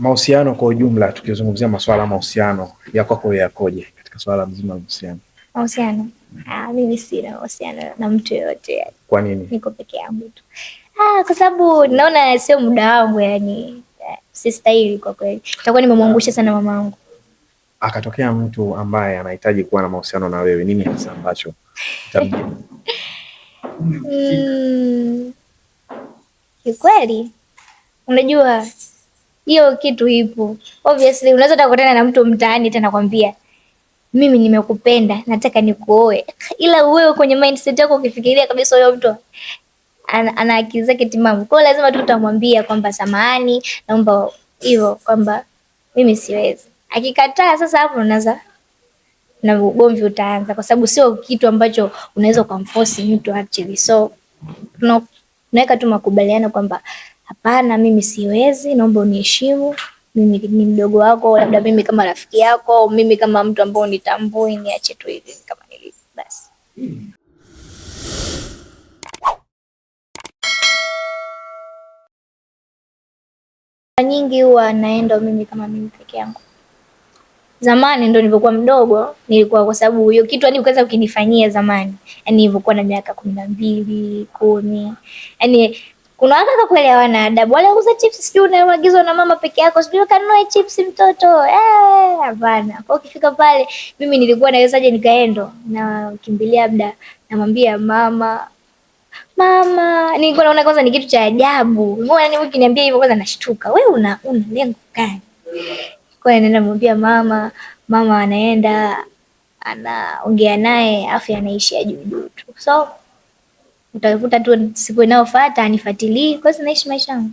mahusiano kwa ujumla, tukizungumzia masuala mahusiano ya kwako yakoje katika swala mzima la mahusiano? Mahusiano ah, mimi sina mahusiano na mtu yoyote. Kwa nini? Niko peke yangu tu, ah, kwa sababu naona sio muda wangu, yani eh, si stahili kwa kweli, nitakuwa nimemwangusha sana mamangu. Akatokea mtu ambaye anahitaji kuwa na mahusiano na wewe, nini hasa ambacho mm, kikweli unajua hiyo kitu ipo. Obviously unaweza utakutana na mtu mtaani tena nakwambia mimi nimekupenda, nataka nikuoe, ila wewe kwenye mindset yako ukifikiria kabisa huyo mtu ana, akili zake timamu. Kwa hiyo lazima tu utamwambia kwamba samahani, naomba hivyo kwamba mimi siwezi. Akikataa sasa, hapo unaanza na ugomvi utaanza, kwa sababu sio kitu ambacho unaweza ukamforce mtu actually. So tunaweka tu makubaliano kwamba hapana, mimi siwezi, naomba uniheshimu, mimi ni mdogo wako, labda mimi kama rafiki yako au mimi kama mtu ambao nitambui, niache tu hivi kama nilivyo basi. nyingi huwa naenda mimi kama mimi peke yangu. Zamani ndo nilivyokuwa mdogo, nilikuwa kwa sababu hiyo kitu yani ukaweza ukinifanyia zamani, yani nilivyokuwa na miaka kumi na mbili kumi yani kuna watu wakakuelewana adabu, wale wauza chips sijui unaagizwa na mama peke yako, sijui kanunue chips mtoto. Eh, hapana eh, kwa ukifika pale, mimi nilikuwa nawezaje nikaendo na kimbilia labda namwambia mama mama, nilikuwa naona kwanza ni kitu cha ajabu. Mbona yaani ukiniambia hivyo kwanza nashtuka, we una una lengo gani? Kwa nenda mwambia mama, mama anaenda anaongea naye afu anaishia juu juu tu so utakuta tu siku inayofuata anifuatilii kwa sababu naishi maisha yangu.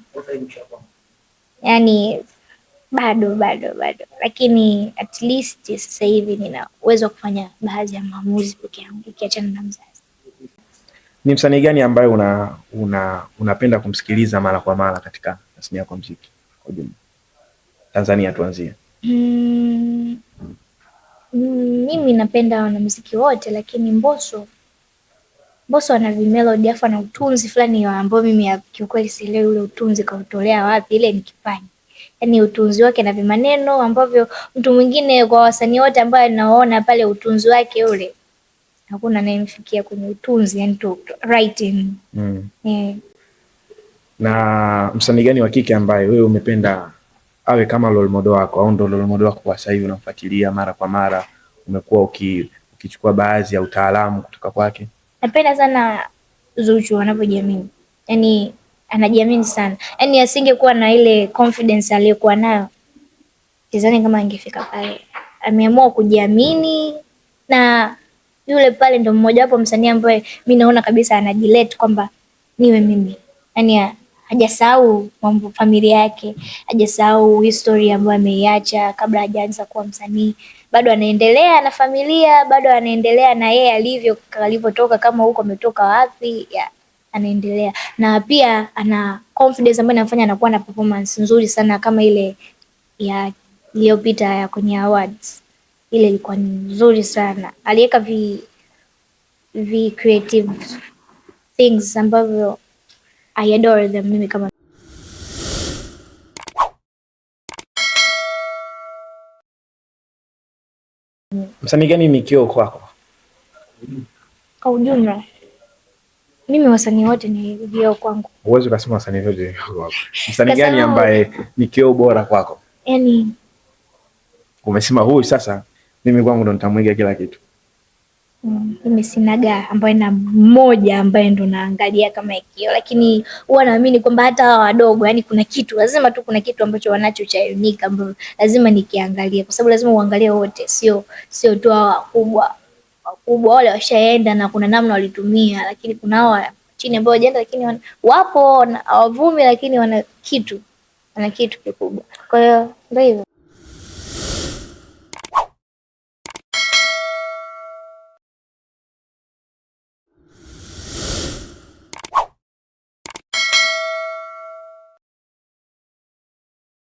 Yani bado bado bado, lakini at least sasa hivi nina uwezo wa kufanya baadhi ya maamuzi peke yangu ukiachana na mzazi. Ni msanii gani ambaye una una unapenda kumsikiliza mara kwa mara katika tasnia yako mziki muziki kwa ujumla? Tanzania tuanzie. Mm, mm, mimi napenda wanamuziki wote, lakini Mbosso Mbosso ana vimelodi afa na utunzi fulani ambao mimi kiukweli sielewi ule utunzi kautolea wapi, ile ni kipaji yaani utunzi wake na vimaneno ambavyo mtu mwingine kwa wasanii wote ambao naona pale utunzi wake ule hakuna anayemfikia kwenye utunzi yani to writing. Mm. Yeah. Na msanii gani wa kike ambaye wewe umependa awe kama role model wako au ndo role model wako kwa sasa hivi unamfuatilia mara kwa mara, umekuwa uki, ukichukua baadhi ya utaalamu kutoka kwake? Napenda sana Zuchu anavyojiamini. yani anajiamini sana. yani asingekuwa na ile confidence aliyokuwa nayo. Sidhani kama angefika pale. Ameamua kujiamini na yule pale ndo mmoja wapo msanii ambaye mimi naona kabisa anajilet kwamba niwe mimi. yani, hajasahau mambo familia yake, hajasahau history ambayo ameiacha kabla hajaanza kuwa msanii. Bado anaendelea na familia, bado anaendelea na yeye alivyo, alivyotoka, kama huko ametoka wapi ya anaendelea na pia ana confidence ambayo inamfanya anakuwa na performance nzuri sana kama ile ya iliyopita ya kwenye awards. Ile ilikuwa nzuri sana, aliweka vi, vi creative things ambavyo I adore them mimi kama msanii gani ni kioo kwako kwa ujumla? Mimi wasanii wote ni vioo kwangu. Huwezi ukasema wasanii wote ni vioo kwako. Msanii gani ambaye ni kioo bora kwako? Yaani umesema huyu sasa mimi kwangu ndo nitamwiga kila kitu mimi sinaga ambaye na mmoja ambaye ndo naangalia kama ikio, lakini huwa naamini kwamba hata hawa wadogo, yani kuna kitu lazima tu, kuna kitu ambacho wanacho cha unique ambacho lazima nikiangalia, kwa sababu lazima uangalie wote, sio sio tu hawa wakubwa. Wakubwa wale washaenda na kuna namna walitumia, lakini kuna hawa chini ambao wajaenda, lakini wana, wapo hawavumi, lakini wana kitu, wana kitu kikubwa. Kwa hiyo ndio hivyo.